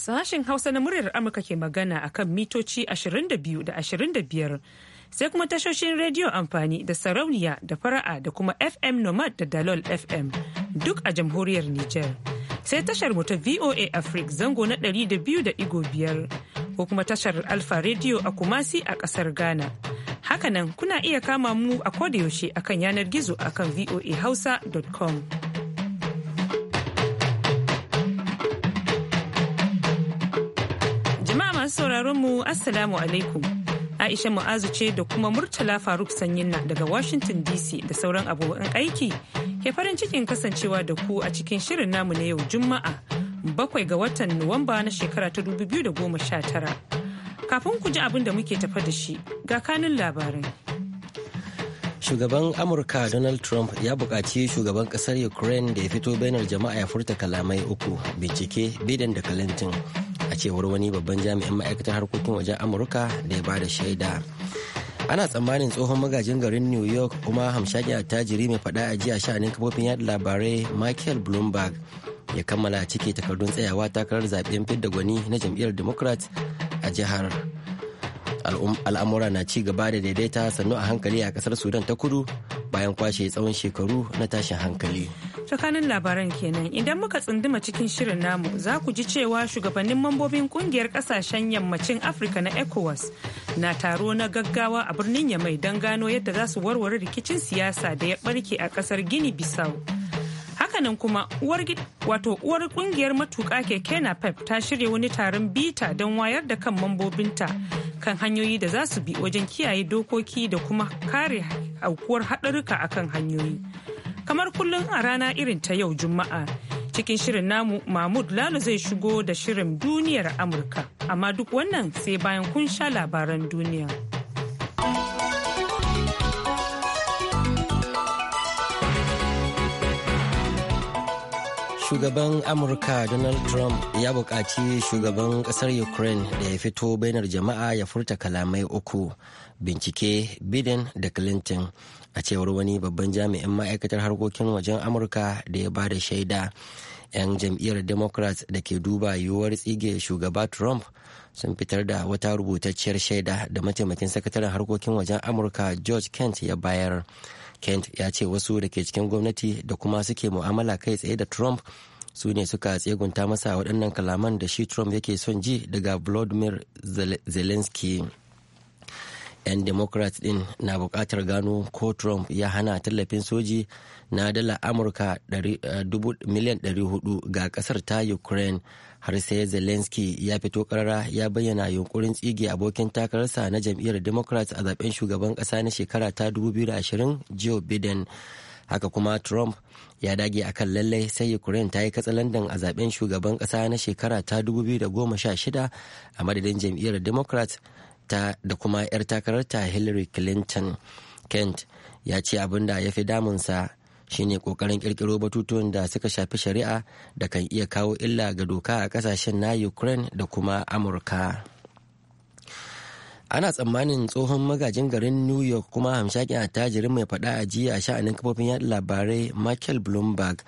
Sashen Hausa na muryar Amurka ke magana a kan mitoci 22 da 25 sai kuma tashoshin rediyo amfani da sarauniya da fara'a da kuma FM Nomad da Dalol FM duk a jamhuriyar Nijar. Sai tashar mu ta VOA Africa zango na 200.5 ko kuma tashar Alfa Radio a Kumasi a kasar Ghana. Hakanan kuna iya kama mu a kodayaushe akan yanar gizo akan voahausa.com. Jama'a masu sauraron mu Assalamu alaikum. Aisha Mu'azu ce da kuma Murtala Faruk Sanyinna daga Washington DC da sauran abokan aiki ke farin cikin kasancewa da ku a cikin shirin namu na yau Juma'a bakwai ga watan Nuwamba na shekara ta biyu da goma sha tara Kafin ku ji abin da muke tafa da shi ga kanin labarin. Shugaban Amurka Donald Trump ya buƙaci shugaban ƙasar Ukraine da ya fito bainar jama'a ya furta kalamai uku bincike bidan da Clinton. a cewar wani babban jami'in ma'aikatar harkokin wajen amurka da ya bada shaida ana tsammanin tsohon magajin garin new york kuma a tajiri mai faɗa a jiya sha'anin kafofin yada labarai michael bloomberg ya kammala cike takardun tsayawa takarar zaben fidda gwani na jam'iyyar democrat a jihar al'amura na ci gaba da daidaita sannu a hankali a kasar sudan ta kudu bayan kwashe tsawon shekaru na tashin hankali. Tsakanin labaran kenan idan muka tsunduma cikin shirin namu za ku ji cewa shugabannin mambobin kungiyar kasashen yammacin Afirka na ECOWAS na taro na gaggawa a birnin Yamai don gano yadda za su warware rikicin siyasa da ya barke a kasar Gini Bissau. Hakanan kuma wato uwar kungiyar matuƙa keke na pep ta shirya wani taron bita don wayar da kan mambobinta kan hanyoyi da za su bi wajen kiyaye dokoki da kuma kare aukuwar haɗarurruka akan hanyoyi kamar kullum a rana irin ta yau juma'a cikin shirin namu mahmud lalo zai shigo da shirin duniyar amurka amma duk wannan sai bayan kun sha labaran duniya. shugaban amurka donald trump ya buƙaci shugaban ƙasar ukraine da ya fito bainar jama'a ya furta kalamai uku bincike biden da clinton a cewar wani babban jami'in ma'aikatar harkokin wajen amurka da ya ba da shaida 'yan jam'iyyar democrat da ke duba yiwuwar tsige shugaba trump sun fitar da wata rubutacciyar shaida da mataimakin sakataren harkokin wajen amurka george kent ya bayar. Kent ya ce wasu da ke cikin gwamnati da kuma suke mu'amala kai tsaye da Trump su ne suka tsegunta masa waɗannan kalaman da shi Trump yake son ji daga Vladimir Zelensky. 'yan democrat din na bukatar gano ko trump ya hana tallafin soji na dala amurka eh, miliyan 400 ga kasar ta ukraine har sai zelensky ya fito karara ya bayyana yunkurin tsige abokin takararsa na jam'iyyar democrat a zaben shugaban kasa na shekara ta 2020 joe biden haka kuma trump ya dage a kan lallai sai ukraine ta yi katsalandan a zaben shugaban kasa na shekara ta 2016 a madadin jam'iyyar democrat ta da kuma 'yar takararta hillary clinton kent ya ce abin da ya fi damunsa shi ne kokarin kirkiro batutuwan da suka shafi shari'a da kan iya kawo illa ga doka a kasashen na ukraine da kuma amurka ana tsammanin tsohon magajin garin new york kuma hamshakin attajirin mai faɗa a jiya a sha'anin kafofin yaɗa labarai michael bloomberg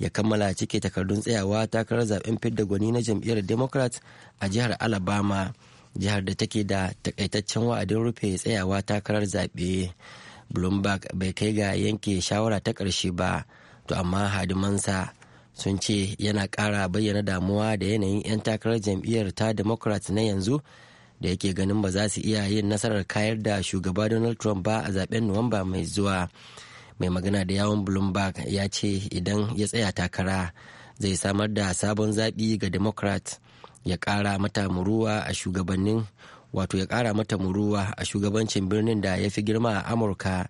ya kammala cike takardun tsayawa takarar zaben fidda gwani na jam'iyyar democrat a jihar alabama jihar da take da takaitaccen wa'adin rufe tsayawa takarar zaɓe bloomberg bai kai ga yanke shawara ta ƙarshe ba to amma hadimansa sun ce yana ƙara bayyana damuwa da yanayin 'yan takarar jam'iyyar ta democrat na yanzu da yake ganin ba za su iya yin nasarar kayar da shugaba donald trump ba a zaben nuwamba mai zuwa mai magana da yawon bloomberg ya ce idan ya tsaya takara zai samar da sabon zaɓi ga democrat ya kara mata muruwa a shugabannin wato ya kara mata muruwa a shugabancin birnin da ya fi girma a amurka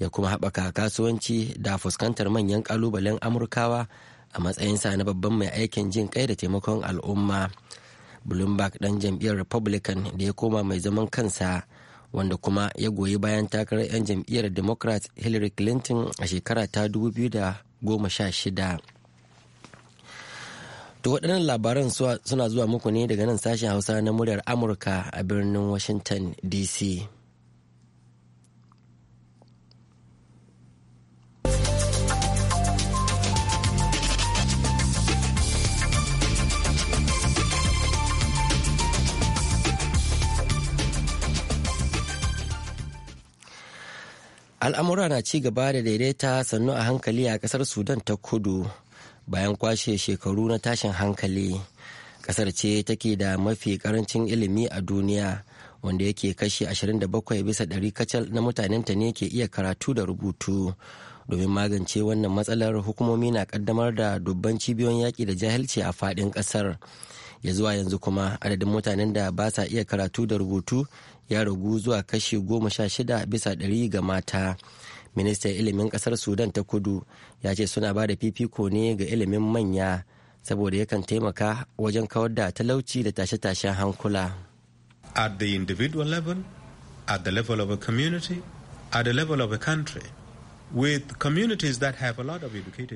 ya kuma haɓaka kasuwanci da fuskantar manyan ƙalubalen amurkawa a matsayinsa na babban mai aikin jin kai da taimakon al'umma bloomberg dan jam'iyyar republican da ya koma mai zaman kansa wanda kuma ya goyi bayan takarar 'yan jam'iyyar democrat hillary clinton a shekara ta 2016 To waɗannan labaran suna zuwa muku ne daga nan sashen Hausa na muryar Amurka a birnin Washington DC. Al'amura na ci gaba da daidaita sannu a hankali a ƙasar Sudan ta kudu. bayan kwashe shekaru na tashin hankali kasar ce take da mafi karancin ilimi a duniya wanda yake kashi 27 bisa ɗari kacal na mutanenta ne ke iya karatu da rubutu domin magance wannan matsalar hukumomi na kaddamar da dubban cibiyoyin yaƙi da jahilci a faɗin ƙasar ya zuwa yanzu kuma adadin mutanen da ba sa iya karatu da rubutu ya ragu zuwa kashi goma sha shida bisa ɗari ga mata ministan ilimin kasar sudan ta kudu ya ce suna ba da fifiko ne ga ilimin manya saboda yakan taimaka wajen kawar da talauci da tashe-tashen hankula at the individual level at the level of a community at the level of a country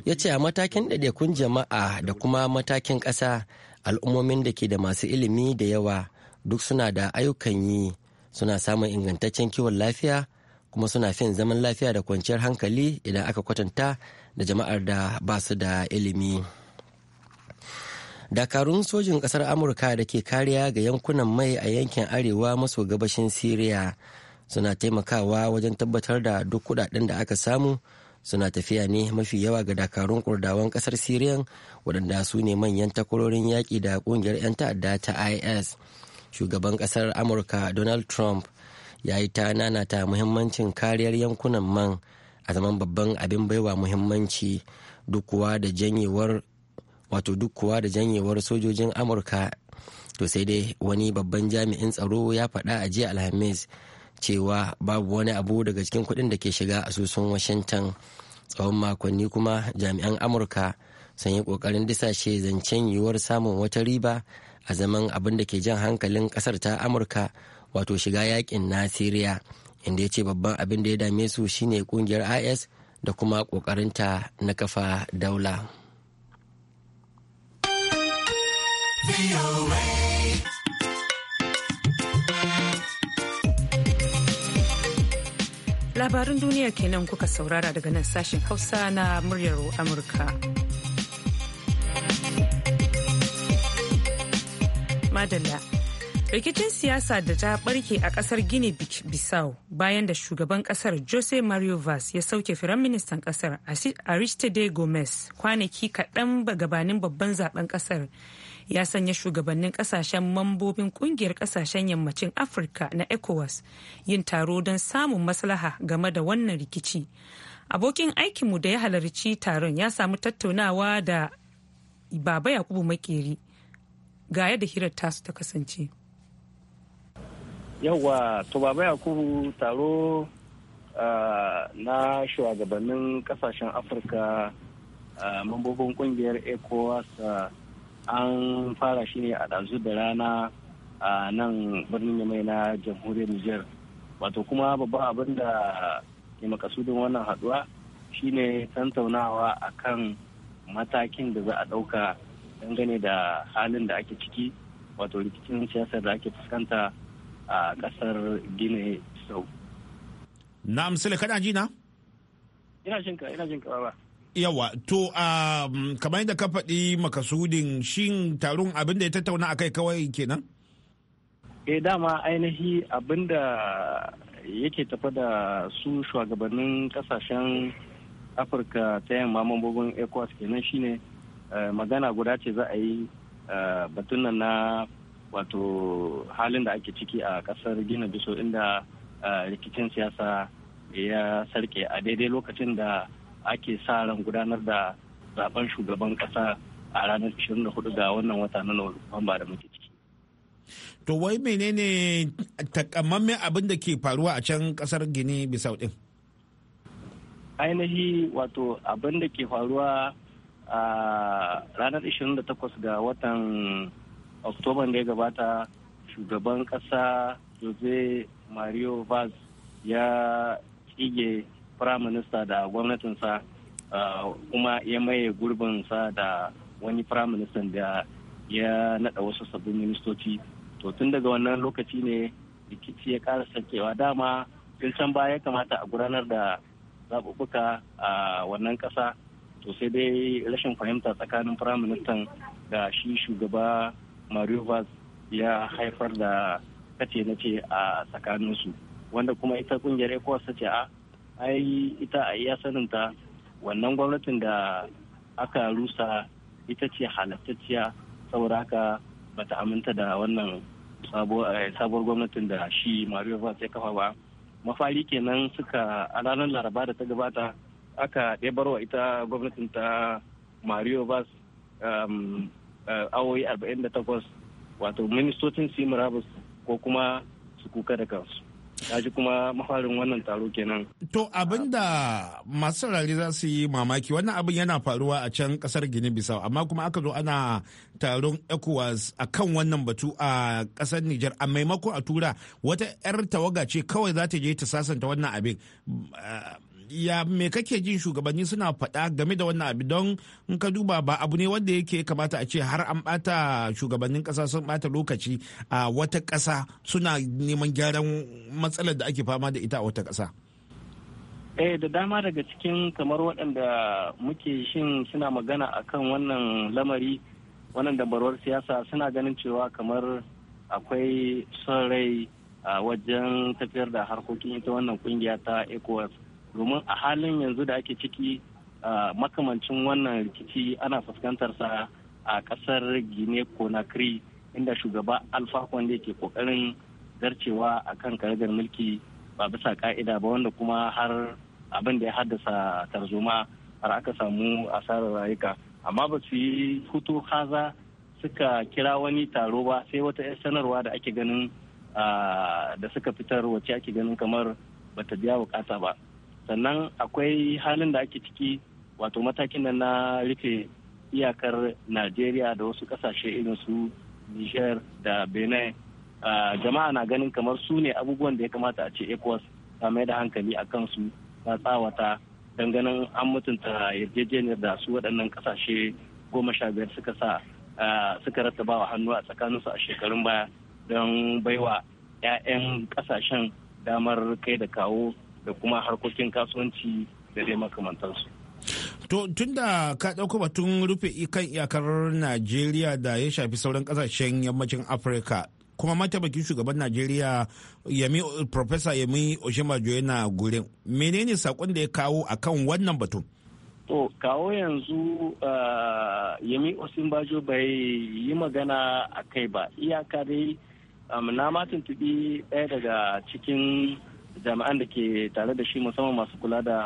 ya ce a matakin ɗaiɗaikun jama'a da kuma matakin ƙasa al'ummomin da ke da masu ilimi da yawa duk suna da ayyukan yi suna samun ingantaccen kiwon lafiya kuma suna fin zaman lafiya da kwanciyar hankali idan aka kwatanta da jama'ar da ba su da ilimi dakarun sojin kasar amurka da ke kariya ga yankunan mai a yankin arewa maso gabashin syria suna taimakawa wajen tabbatar da duk kudaden da aka samu suna tafiya ne mafi yawa ga dakarun kurdawan kasar syrian waɗanda su ne manyan takwarorin yaƙi da ƙungiyar 'yan ta'adda ta is shugaban kasar amurka donald trump ya yi ta nanata muhimmancin kariyar yankunan man a zaman babban abin baiwa muhimmanci duk kuwa da janyewar wato duk da janyewar sojojin amurka to sai dai wani babban jami'in tsaro ya faɗa a jiya alhamis cewa babu wani abu daga cikin kuɗin da ke shiga asusun washington tsawon makonni kuma jami'an amurka sun yi ƙoƙarin disashe zancen yiwuwar samun wata riba a zaman abin da ke jan hankalin ƙasar ta amurka wato shiga yakin na inda ya ce babban abin da ya dame su shine kungiyar IS da kuma ta na kafa daula. Labarin duniya kenan kuka saurara daga nan sashen Hausa na muryar Amurka. Madalla. rikicin siyasa da ta barke a kasar guinea bissau bayan da shugaban kasar jose mario vaz ya sauke firaministan kasar aristide gomez kwanaki kaɗan gabanin babban zaben kasar ya sanya shugabannin kasashen mambobin kungiyar kasashen yammacin afirka na ecowas yin taro don samun maslaha game da wannan rikici abokin aikinmu da ya halarci taron ya samu tattaunawa da baba yakubu makeri ga yadda hirar tasu ta kasance yawa to baba yakubu taro ah, na shugabannin kasashen afirka ah, mambobin kungiyar ecowas ah, an fara shi ne a ɗazu da rana a nan birnin yamai na jamhuriyar niger wato kuma babban abin da ke makasudin wannan haduwa shine tantaunawa a kan matakin da za a ɗauka dangane da halin da ake ciki wato rikicin siyasar da ake fuskanta a kasar gine sau na misali kana ji na ina jinka ina jinka ba yawa to um, kamar yadda ka faɗi makasudin shin taron abinda ya tattauna a kai kawai kenan e dama ainihi abinda yake tafa da su shugabannin kasashen afirka ta yamma mambobin ecowas kenan shine eh, magana guda ce za a yi eh, batun na wato halin da ake ciki a kasar gina biso inda uh, rikicin siyasa ya sarke a daidai lokacin da ake sa ran gudanar da zaben shugaban kasa a ranar 24 ga wannan wata na Nuwamba da muke ciki. To wai menene takamammen abin da ke faruwa a can kasar Gini Bisau din? Ainihi wato abin da ke faruwa a uh, ranar 28 ga watan oktoban da ya gabata shugaban kasa jose mario vaz ya tsige firaminista da gwamnatinsa kuma ya maye gurbinsa da wani minister da ya naɗa wasu sabbin ministoci to tun daga wannan lokaci ne rikici ya kara sakewa dama tun can baya ya kamata a gudanar da zaɓuɓɓuka a wannan ƙasa to sai dai rashin fahimta tsakanin firaministan da shi shugaba marivas ya haifar da kace na ce a tsakaninsu wanda kuma ita kungiyar ecowas ta ce a ai ita a iya saninta wannan gwamnatin da aka rusa ita ce halattacciya saboda haka bata aminta da wannan eh, sabuwar gwamnatin da shi mario vaz ya kafa ba mafari kenan suka a ranar laraba da ta gabata aka ɗebarwa ita gwamnatin ta mario vaz um, Eh, awoyi 48 wato ministocin su yi murabus ko kuma su kuka da kansu ji kuma mafarin wannan taro kenan. To abinda masu rari za su yi mamaki wannan abin yana faruwa a can kasar Gini Bisau amma kuma aka zo ana taron ECOWAS a kan wannan batu a kasar Nijar a maimako a tura wata 'yar tawaga ce kawai za ta je ta sasanta wannan abin. Eh, ya me kake jin shugabanni suna faɗa game da wannan abu don in ka duba ba abu ne wanda yake kamata a ce har an bata shugabannin ƙasa sun bata lokaci a wata ƙasa suna neman gyaran matsalar da ake fama da ita a wata ƙasa. Eh da dama daga cikin kamar waɗanda muke shin suna magana akan wannan lamari wannan dabarwar siyasa suna ganin cewa kamar akwai son rai a wajen tafiyar da harkokin ita wannan kungiya ta ecowas domin a halin yanzu da ake ciki makamancin wannan rikici ana fuskantar sa a kasar guinea conakry inda shugaba alfa kwande ke kokarin zarcewa a kan karagar mulki ba bisa ka'ida ba wanda kuma har abin da ya haddasa tarzoma har aka samu asarar rayuka amma ba su yi hutu haza suka kira wani taro ba sai wata 'yan sanarwa da ake ganin da suka fitar wace ake ganin kamar bata biya bukata ba sannan akwai halin da ake ciki wato matakin nan na rufe iyakar najeriya da wasu kasashe irin su niger da benin jama'a na ganin kamar su ne abubuwan da ya kamata a ce ecowas ta mai da hankali a kansu ta tsawata ganin an mutunta yarjejeniyar da su waɗannan kasashe goma sha biyar suka sa suka rattaba wa hannu a tsakaninsu a shekarun baya don baiwa 'ya'yan kasashen damar kai da kawo da kuma harkokin kasuwanci da dai makamantansu. To tun da ka ɗauko batun rufe kan iyakar Najeriya da ya shafi sauran ƙasashen yammacin Afirka kuma mataimakin shugaban Najeriya Yemi Professor Yemi Oshimajo yana gurin. Menene saƙon da ya kawo akan wannan batun? To kawo yanzu ah, Yemi Oshimajo bai yi magana a kai ba iyaka dai na ma ɗaya daga cikin jami'an da ke tare da shi musamman masu kula da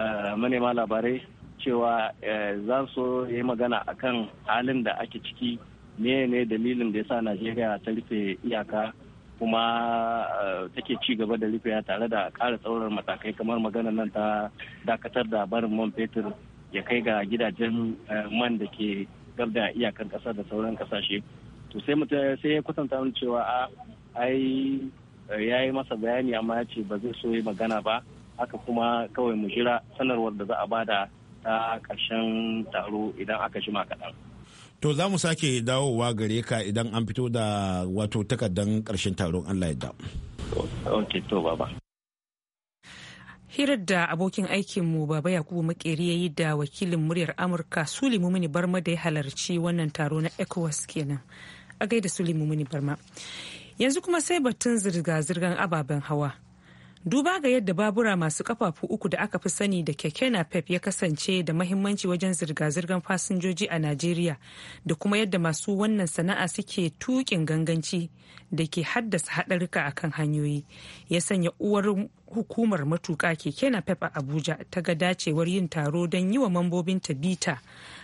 eh, manema labarai cewa eh, za su yi magana akan halin da ake ciki ne ne dalilin da ya sa najeriya ta rufe iyaka kuma eh, take ci gaba da rufe tare da ƙara tsaurar matakai kamar magana nan ta dakatar da barin man fetur ya kai ga gidajen man da ke gab da iyakar ƙasa da sauran ƙasashe to sai sai ya kusanta cewa a ah, ai ya yi masa bayani amma ya ce ba zai so yi magana ba haka kuma kawai mu jira sanarwar da za a bada ta karshen taro idan aka jima kaɗan. To za mu sake dawowa gare ka idan an fito da wato takardan ƙarshen taron Allah ya da. Ok, to baba. hirar da abokin aikinmu baba yakubu makeri ya yi da wakilin muryar amurka suli mumini barma da ya halarci wannan taro na ecowas kenan a gaida suli mumini barma yanzu kuma sai batun zirga-zirgar ababen hawa duba ga yadda babura masu kafafu uku da aka fi sani da keke napep ya kasance da mahimmanci wajen zirga-zirgar fasinjoji a najeriya da kuma yadda masu wannan sana'a suke tukin ganganci da ke haddasa haɗarika a kan hanyoyi ya sanya uwar hukumar matuka keke napep a abuja ta ga dacewar yin taro don yi wa ta bita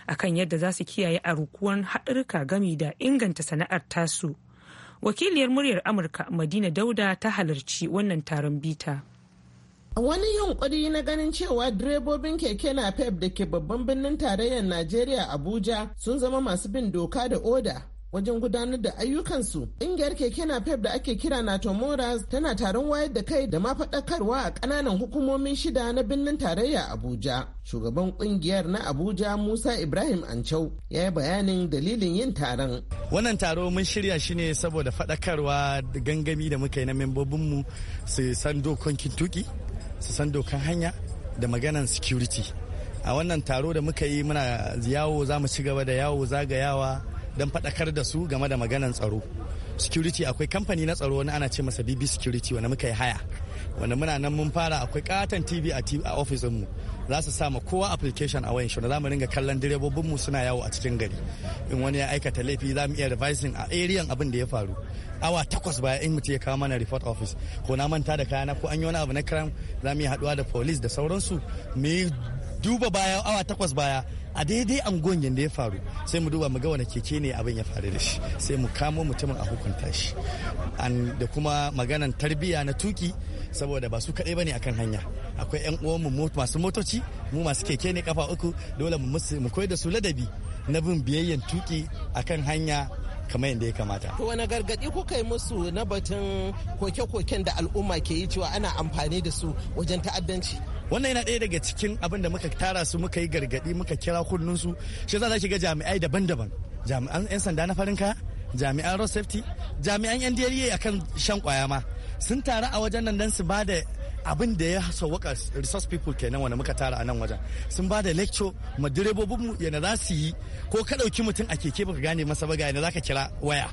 akan yadda za su kiyaye a rukuwan haɗarika gami da inganta sana'ar tasu wakiliyar muryar amurka madina dauda ta halarci wannan taron bita wani yunkuri na ganin cewa direbobin keke na pep da ke babban birnin tarayyar najeriya abuja sun zama masu bin doka da oda wajen gudanar da ayyukansu. Ƙungiyar keke pep da ake kira na Tomoras tana taron wayar da kai da ma faɗakarwa a ƙananan hukumomin shida na birnin tarayya Abuja. Shugaban ƙungiyar na Abuja Musa Ibrahim Ancau ya yi bayanin dalilin yin taron. Wannan taro mun shirya shi ne saboda faɗakarwa da gangami da muka yi na membobinmu su san dokokin kintuki, su san dokan hanya da maganan security. A wannan taro da muka yi muna yawo za mu ci gaba da yawo zagayawa don faɗakar da su game da maganan tsaro security akwai kamfani na tsaro wani ana ce masa bb security wani muka yi haya wanda muna nan mun fara akwai katon tv a ofisin mu za su sa ma kowa application a wayan shi za mu ringa kallon direbobin mu suna yawo a cikin gari in wani ya aikata laifi za mu iya revising a area abin da ya faru awa takwas baya in mutum ya kawo mana report office ko na manta da kayana ko an yi wani abu na crime za mu yi haduwa da police da sauransu mu yi duba baya awa takwas baya a daidai angon yadda ya faru sai mu duba mu ga wani keke ne abin ya faru da shi sai mu kamo mutumin a hukunta shi An da kuma maganan tarbiyya na tuki saboda ba su kaɗai bane akan hanya akwai yan uwanmu masu motoci mu masu keke ne kafa uku dole mu koyar da su ladabi na bin biyayyan tuki akan hanya kamar yadda ya kamata. To wani gargaɗi kuka yi musu na batun koke-koken da al'umma ke yi cewa ana amfani da su wajen ta'addanci? wannan yana ɗaya daga cikin abin da muka tara su muka yi gargaɗi muka kira su. shi za a jami'ai daban-daban jami'an 'yan sanda na farin kaya jami'an road safety jami'an yan dariya e akan shan kwaya ma sun taru a wajen nan don su bada. abin da ya sauwaka resource people kenan wanda muka tara a nan wajen sun ba da lecture ma direbobin mu yana za su yi ko ka dauki mutum a keke baka gane masa ba ga yana zaka kira waya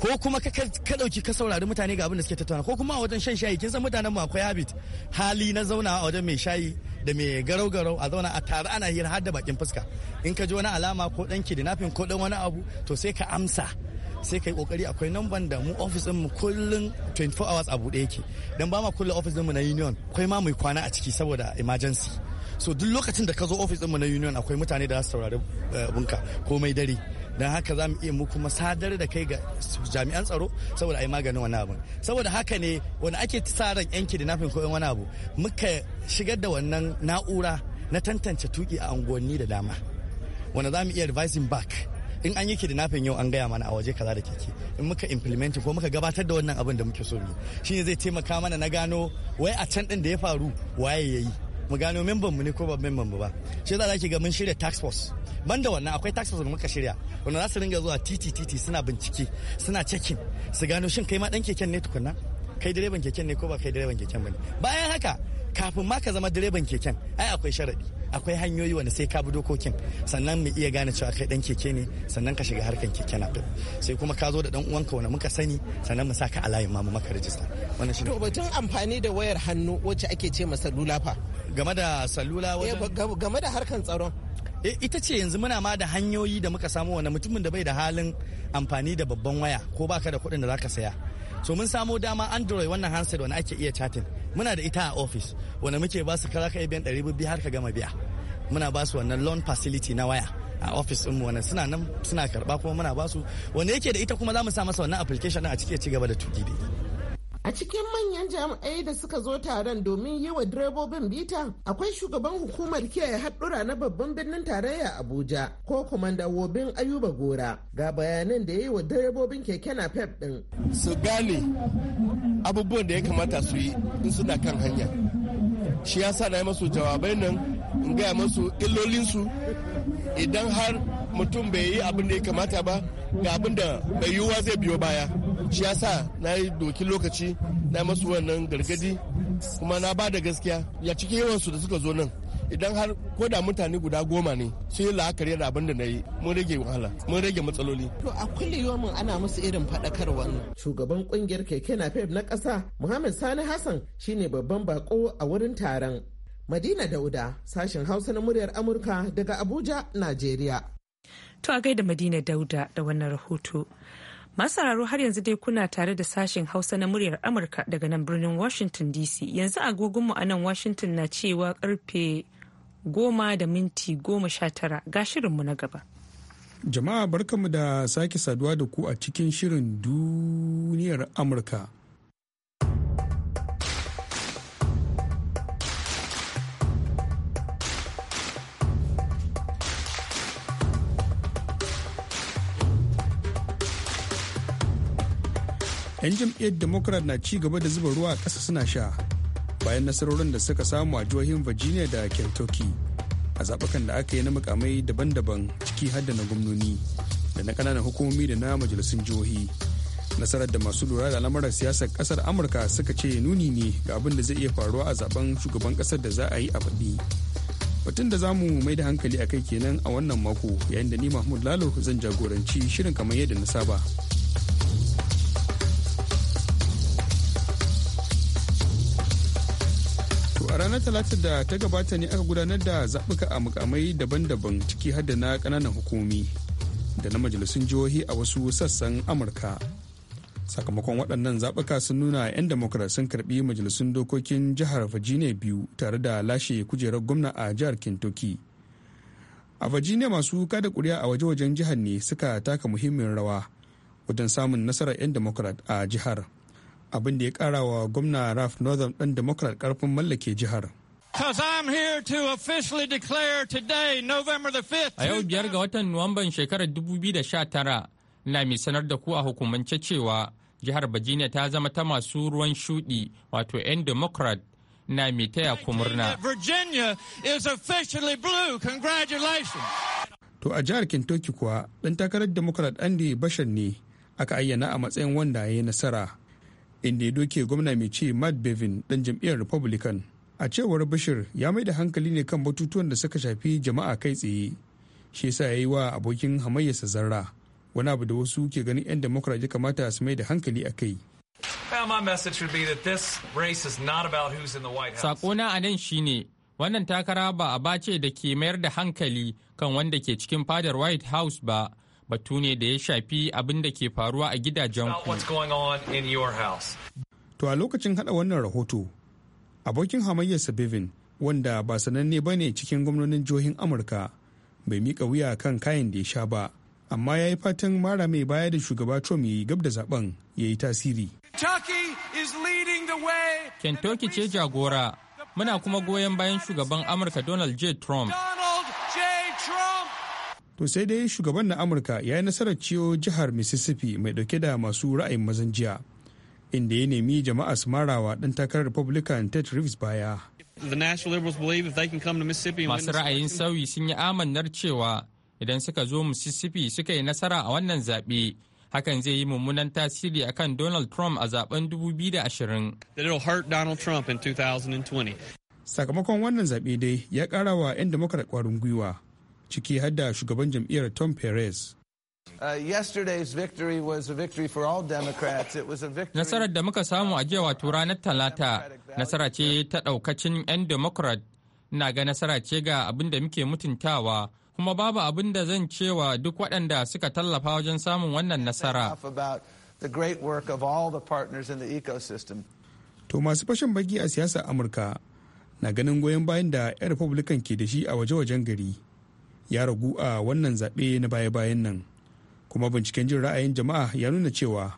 ko kuma ka dauki ka saurari mutane ga abin da suke tattauna ko kuma a wajen shan shayi kin san mutanen mu akwai habit hali na zauna a wajen mai shayi da mai garau garau a zauna a tare ana hira har da bakin fuska in ka ji wani alama ko dan kidnapping ko dan wani abu to sai ka amsa sai ka yi kokari akwai namban da mu ofis mu kullum 24 hours a bude yake dan ba ma kullum ofis mu na union akwai ma mai kwana a ciki saboda emergency so duk lokacin da ka zo ofis ɗinmu na union akwai mutane da za su saurari eh, bunka komai dare don haka za mu iya mu kuma sadar da kai ga jami'an tsaro saboda a yi maganin wani abu saboda haka ne wani ake sa ran yan kidnapping ko wani abu muka shigar da wannan na'ura na tantance tuki a unguwanni da dama wanda za mu iya revising back in an yi kidnapping yau an gaya mana a waje kaza da keke in muka implement ko muka gabatar da wannan abin da muke so shi shine zai taimaka mana na gano wai a can din da ya faru waye yayi mu gano memban mu ne ko ba memban mu ba shi za ki ga mun shirya tax force ban da wannan akwai tax force da muka shirya wanda za su ringa zuwa titi titi suna bincike suna checking su gano shin kai ma dan keken ne tukunna kai direban keken ne ko ba kai direban keken bane bayan haka kafin ma ka zama direban keken ai akwai sharadi akwai hanyoyi wanda sai ka bi dokokin sannan mu iya gane cewa kai dan keke ne sannan ka shiga harkan keke na sai kuma ka zo da dan uwanka wanda muka sani sannan mu saka a layin ma mu maka rijista wannan shi to batun amfani da wayar hannu wacce ake ce ma salula fa game da salula eh, wajen. game da harkan tsaron eh, ita ce yanzu muna ma da hanyoyi da muka samu wani mutumin da bai da halin amfani da babban waya ko baka da kuɗin da zaka saya so mun samo dama android wannan handset wani ake iya chatting muna da ita a office wanda muke ba su kara kai biyan ɗari biyu har ka gama biya muna ba su wannan loan facility na waya a office ɗinmu wannan suna nan suna karɓa kuma muna ba su wanda yake da ita kuma za mu sa masa wannan application a cike ci gaba da tuki da A cikin manyan jami'ai da suka zo taron domin yi wa direbobin bita akwai shugaban hukumar kiyaye haɗura na babban birnin tarayya Abuja ko kumandawobin Ayuba Gora ga bayanan da ya yi wa direbobin keke pep ɗin. Su gane abubuwan da ya kamata su yi in suna kan hanya. Shi ya sa na yi masu jawabai nan in gaya masu illolinsu idan har mutum bai yi abin da ya kamata ba ga abin da bai yiwuwa zai biyo baya. shi yasa na yi dokin lokaci na masu wannan gargadi kuma na ba da gaskiya ya cikin yawansu da suka zo nan idan har ko da mutane guda goma ne sun yi la'akari da abin da na yi mun rage wahala mun rage matsaloli. To a kulle ana musu irin faɗakarwa. Shugaban kungiyar keke na napep na ƙasa Muhammad Sani Hassan shine babban bako a wurin taron. Madina Dauda sashen Hausa na muryar Amurka daga Abuja, Najeriya. To a gaida Madina Dauda da wannan rahoto. Masararo har yanzu dai kuna tare da sashen Hausa na muryar Amurka daga nan birnin Washington DC. Yanzu agogonmu a nan Washington na cewa karfe goma da minti goma sha tara ga shirinmu na gaba. Jama'a barkamu da sake saduwa da ku a cikin shirin duniyar Amurka. 'yan jam'iyyar democrat na ci gaba da zuba ruwa a ƙasa suna sha bayan nasarorin da suka samu a jihohin virginia da kentucky a zaɓukan da aka yi na mukamai daban-daban ciki har da na gwamnoni da na ƙananan hukumomi da na majalisun jihohi nasarar da masu lura da lamarar siyasar ƙasar amurka suka ce nuni ne ga abin da zai iya faruwa a zaben shugaban ƙasar da za a yi a faɗi batun da za mu mai da hankali a kai kenan a wannan mako yayin da ni mahmud lalo zan jagoranci shirin kamar yadda na saba talata da ta gabata ne aka gudanar da zaɓuka a mukamai daban-daban ciki har da na ƙananan hukumi da na majalisun jihohi a wasu sassan amurka sakamakon waɗannan zaɓuka sun nuna 'yan democrat sun karɓi majalisun dokokin jihar virginia biyu tare da lashe kujerar gwamna a jihar kentucky a virginia masu kada kuri'a a waje-wajen jihar ne suka taka muhimmin rawa wajen samun nasarar 'yan democrat a jihar abin da ya kara wa gwamna raf northern ɗan democrat karfin mallake jihar A yau biyar ga watan Nuwamban shekarar 2019, ina mai sanar da ku a hukumance cewa jihar Virginia ta zama ta masu ruwan shuɗi wato 'yan Democrat na mai taya kumurna. Virginia is officially blue. Congratulations. To a jihar Kentucky kuwa, ɗan takarar Democrat Andy bashan ne aka ayyana a matsayin wanda ya yi nasara. inda ya doke gwamna mai ce matt bevin dan jam'iyyar republican a cewar bashir ya mai da hankali ne kan batutuwan da suka shafi jama'a kai tsaye shi yasa ya yi wa abokin hamayyarsa zarra wani abu da wasu ke ganin 'yan democrat ya kamata su mai da hankali a kai sakona a nan shine wannan takara ba a bace da ke mayar da hankali kan wanda ke cikin fadar white house ba batu ne da ya shafi abin da ke faruwa a gidajen ku. To a lokacin hada wannan rahoto, abokin hamayyar sabivin wanda ba sananne ba ne cikin gwamnonin jihohin Amurka bai mika wuya kan kayan da ya sha ba, amma ya yi fatan mara mai baya da shugaba Trump ya yi gab da zaben ya yi tasiri. Kentucky ce jagora, muna kuma goyon bayan shugaban Amurka Donald J. Trump. to sai dai shugaban na amurka ya yi nasarar ciyo jihar mississippi mai dauke da masu ra'ayin mazan jiya inda ya nemi jama'a su marawa dan takarar republican ted reeves baya masu ra'ayin sauyi sun yi amannar cewa idan suka zo mississippi suka yi nasara a wannan zaɓe hakan zai yi mummunan tasiri akan Donald Trump a zaben 2020. Sakamakon wannan zaɓe dai ya ƙara wa 'yan Democrat ƙwarin gwiwa ciki har da shugaban jam'iyyar Tom Perez. Uh, Nasarar da muka samu a jiya wato ranar Talata, nasara ce ta ɗaukacin 'yan Democrat, na ga nasara ce ga abin da muke mutuntawa, kuma babu abin da zan cewa duk waɗanda suka tallafa wajen samun wannan nasara. To masu fashin baki a siyasar Amurka na ganin goyon bayan da 'yan Republican ke da shi a waje-wajen gari. ya ragu a wannan zaɓe na baya-bayan nan kuma binciken jin ra'ayin jama'a ya nuna cewa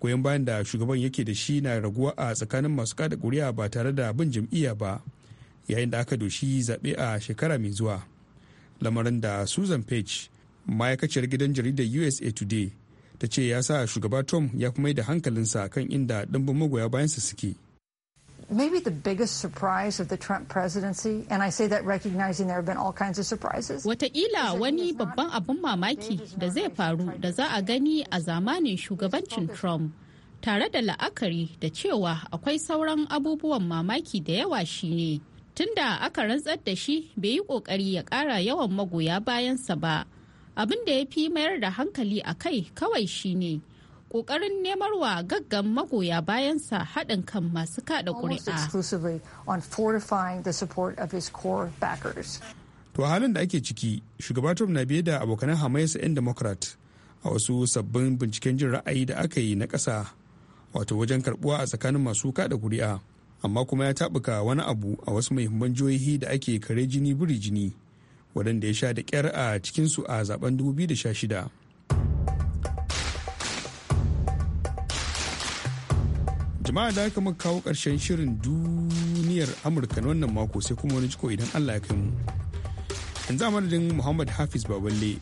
goyon bayan da shugaban yake da shi na raguwa a tsakanin masu kada kuri'a ba tare da bin jam'iyya ba yayin da aka doshi zaɓe a shekara mai zuwa lamarin da susan page ma'aikaciyar gidan jaridar usa today ta ce ya sa shugaba tom ya fi mai da hankalinsa kan inda ɗimbin magoya bayansa suke maybe the biggest surprise of the Trump presidency, and I say that recognizing there have been all kinds of surprises. Wataƙila wani babban abin mamaki da zai faru da za a gani a zamanin shugabancin Trump, tare da la'akari da cewa akwai sauran abubuwan mamaki da yawa shi shine. Tunda aka rantsar da shi bai yi ƙoƙari ya ƙara yawan magoya bayansa ba, abin da ya fi mayar da hankali a kai kawai shi ne. kokarin nemar wa gaggan magoya bayansa haɗin kan masu kada ƙuri'a. To halin da ake ciki, shugaba Trump na biye da abokanan hamayasa 'yan Democrat a wasu sabbin binciken jin ra'ayi da aka yi na ƙasa, wato wajen karbuwa a tsakanin masu kada kuri'a Amma kuma ya taɓuka wani abu a wasu muhimman jihohi da ake kare jini buri jini, waɗanda ya sha da kyar a cikinsu a zaben 2016. jama'a da aka muka kawo ƙarshen shirin duniyar amurka na wannan mako sai kuma wani jiko idan allah ya kai mu yanzu a madadin muhammad hafiz baballe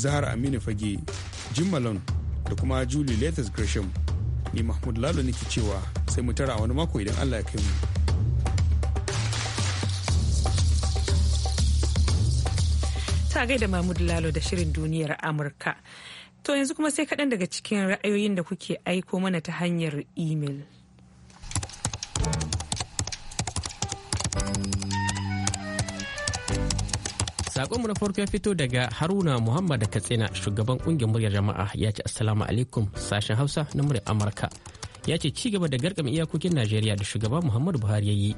zahar aminu fage jim malone da kuma julie letters gresham ni mahmud lalo nake cewa sai mu tara wani mako idan allah ya kai mu ta gaida mahmud lalo da shirin duniyar amurka to yanzu kuma sai kaɗan daga cikin ra'ayoyin da kuke aiko mana ta hanyar imel. Sakonmu na farko ya fito daga Haruna Muhammad Katsina shugaban kungiyar muryar jama'a ya ce Assalamu alaikum sashen Hausa na muryar Amurka. Ya ce ci gaba da garkama iyakokin Najeriya da shugaban Muhammadu Buhari ya yi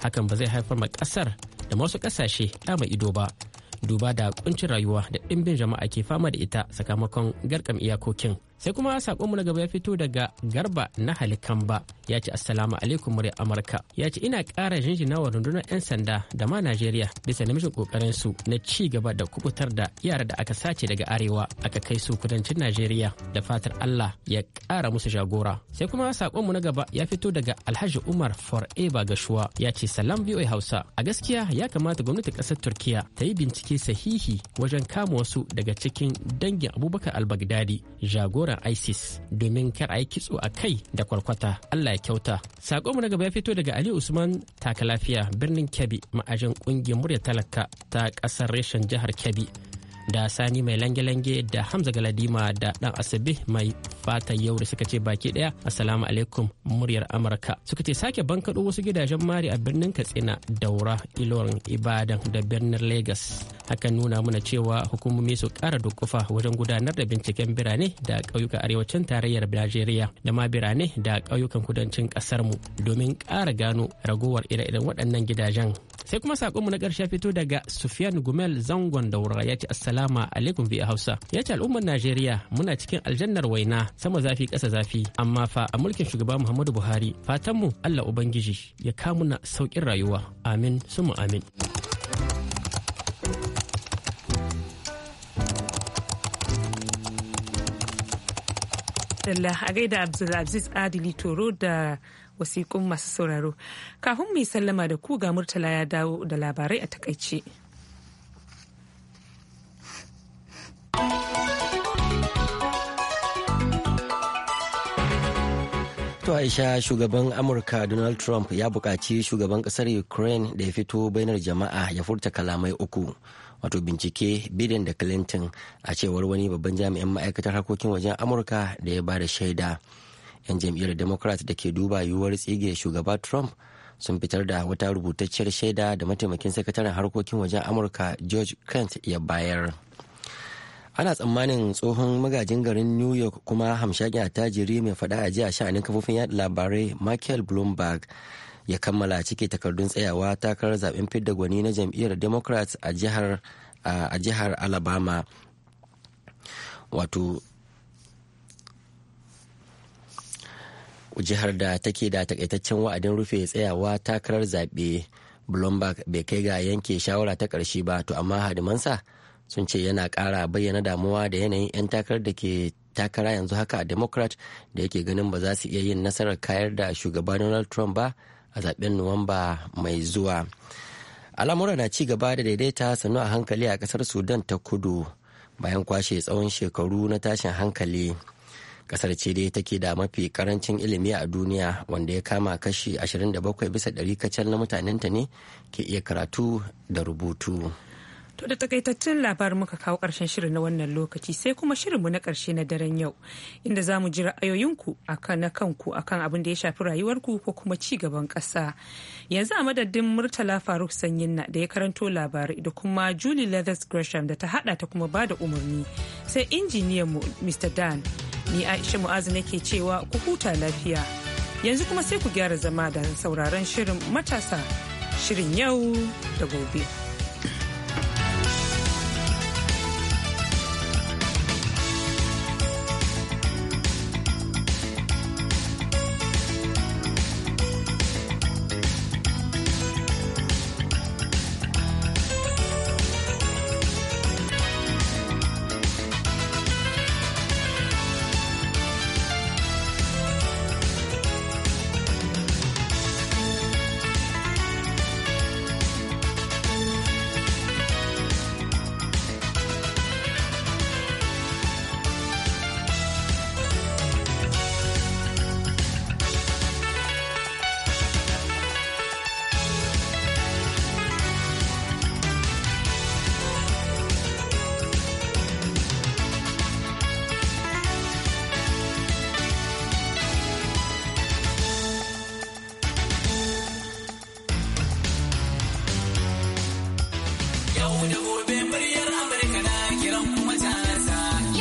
hakan ba zai haifar ma kasar da masu kasashe da ido ba. Duba da kuncin rayuwa da ɗimbin jama'a ke fama da ita sakamakon garkam iyakokin. sai kuma sakonmu na gaba ya fito daga garba na halikamba ya ce assalamu alaikum murya amurka ya ce ina ƙara jinjina wa rundunar 'yan sanda da ma najeriya bisa namijin kokarin su na ci gaba da kubutar da yara da aka sace daga arewa aka kai su kudancin najeriya da fatar allah ya kara musu jagora sai kuma sakonmu na gaba ya fito daga alhaji umar forever gashuwa ya ce salam voa hausa a gaskiya ya kamata gwamnati ƙasar turkiya ta yi bincike sahihi wajen kama wasu daga cikin dangin abubakar albagdadi jagora jagoran isis domin kar a yi kitso a kai da kwarkwata allah ya kyauta mu na gaba ya fito daga ali usman takalafiya birnin kebbi ma'ajin kungiyar murya talaka ta kasar reshen jihar kebbi da sani mai lange-lange da hamza galadima da dan asabe mai fata yau da suka ce baki daya assalamu alaikum muryar amurka suka ce sake bankaɗo wasu gidajen mari a birnin katsina daura ilorin ibadan da birnin Legas. hakan nuna mana cewa hukumomi su kara dukufa wajen gudanar da binciken birane da kauyuka arewacin tarayyar najeriya da ma birane da ƙauyukan kudancin ƙasarmu mu domin ƙara gano ragowar ire-iren waɗannan gidajen sai kuma sakonmu na ƙarshe fito daga sufiyan gumel zangon daura ya ce assalamu alaikum biya hausa ya ce al'ummar najeriya muna cikin aljannar waina sama zafi ƙasa zafi amma fa a mulkin shugaba Muhammadu Buhari fatanmu Allah Ubangiji ya kamuna sauƙin rayuwa amin sumu amin. Dalla a gaida Abdulaziz Adili Toro da wasiƙun masu sauraro. Kafin mai sallama da ku ga Murtala ya dawo da labarai a takaice. To Aisha shugaban Amurka Donald Trump ya bukaci shugaban ƙasar Ukraine da ya fito bainar jama'a ya furta kalamai uku. Wato bincike Biden da Clinton a cewar wani babban jami'in ma'aikatar harkokin wajen Amurka da ya ba da shaida. 'Yan jam'iyyar Democrat da ke duba yiwuwar tsige shugaba Trump sun fitar da wata rubutacciyar shaida da mataimakin sakataren harkokin wajen Amurka George Kent ya bayar. ana tsammanin tsohon magajin garin new york kuma hamshakin tajiri mai faɗa a jiya sha'anin kafofin yada labarai michael bloomberg ya kammala cike takardun tsayawa takarar zaben fidda gwani na jam'iyyar democrats a jihar alabama wato jihar da take da takaitaccen wa'adin rufe tsayawa takarar zaɓe bloomberg bai kai ga yanke shawara ta ƙarshe ba to amma hadimansa sun ce yana ƙara bayyana damuwa da yanayin 'yan takar da ke takara yanzu haka a democrat da yake ganin ba za su iya yin nasarar kayar da shugaba donald trump ba a zaben nuwamba mai zuwa al'amura na ci gaba da daidaita sannu a hankali a kasar sudan ta kudu bayan kwashe tsawon shekaru na tashin hankali kasar ce dai take da mafi karancin ilimi a duniya wanda ya kama kashi 27 bisa 100 kacal na mutanenta ne ke iya karatu da rubutu. To da takaitattun labarin muka kawo ƙarshen shirin na wannan lokaci sai kuma shirinmu na ƙarshe na daren yau inda za mu ji ra'ayoyinku akan na kanku akan abin da ya shafi rayuwarku ko kuma ci gaban ƙasa. Yanzu a madadin Murtala Faruk Sanyin da ya karanto labarai da kuma Julie Leathers Gresham da ta hada ta kuma bada umarni sai injiniyan mu Mr. Dan ni Aisha Mu'azu nake cewa ku huta lafiya. Yanzu kuma sai ku gyara zama da sauraron shirin matasa shirin yau da gobe.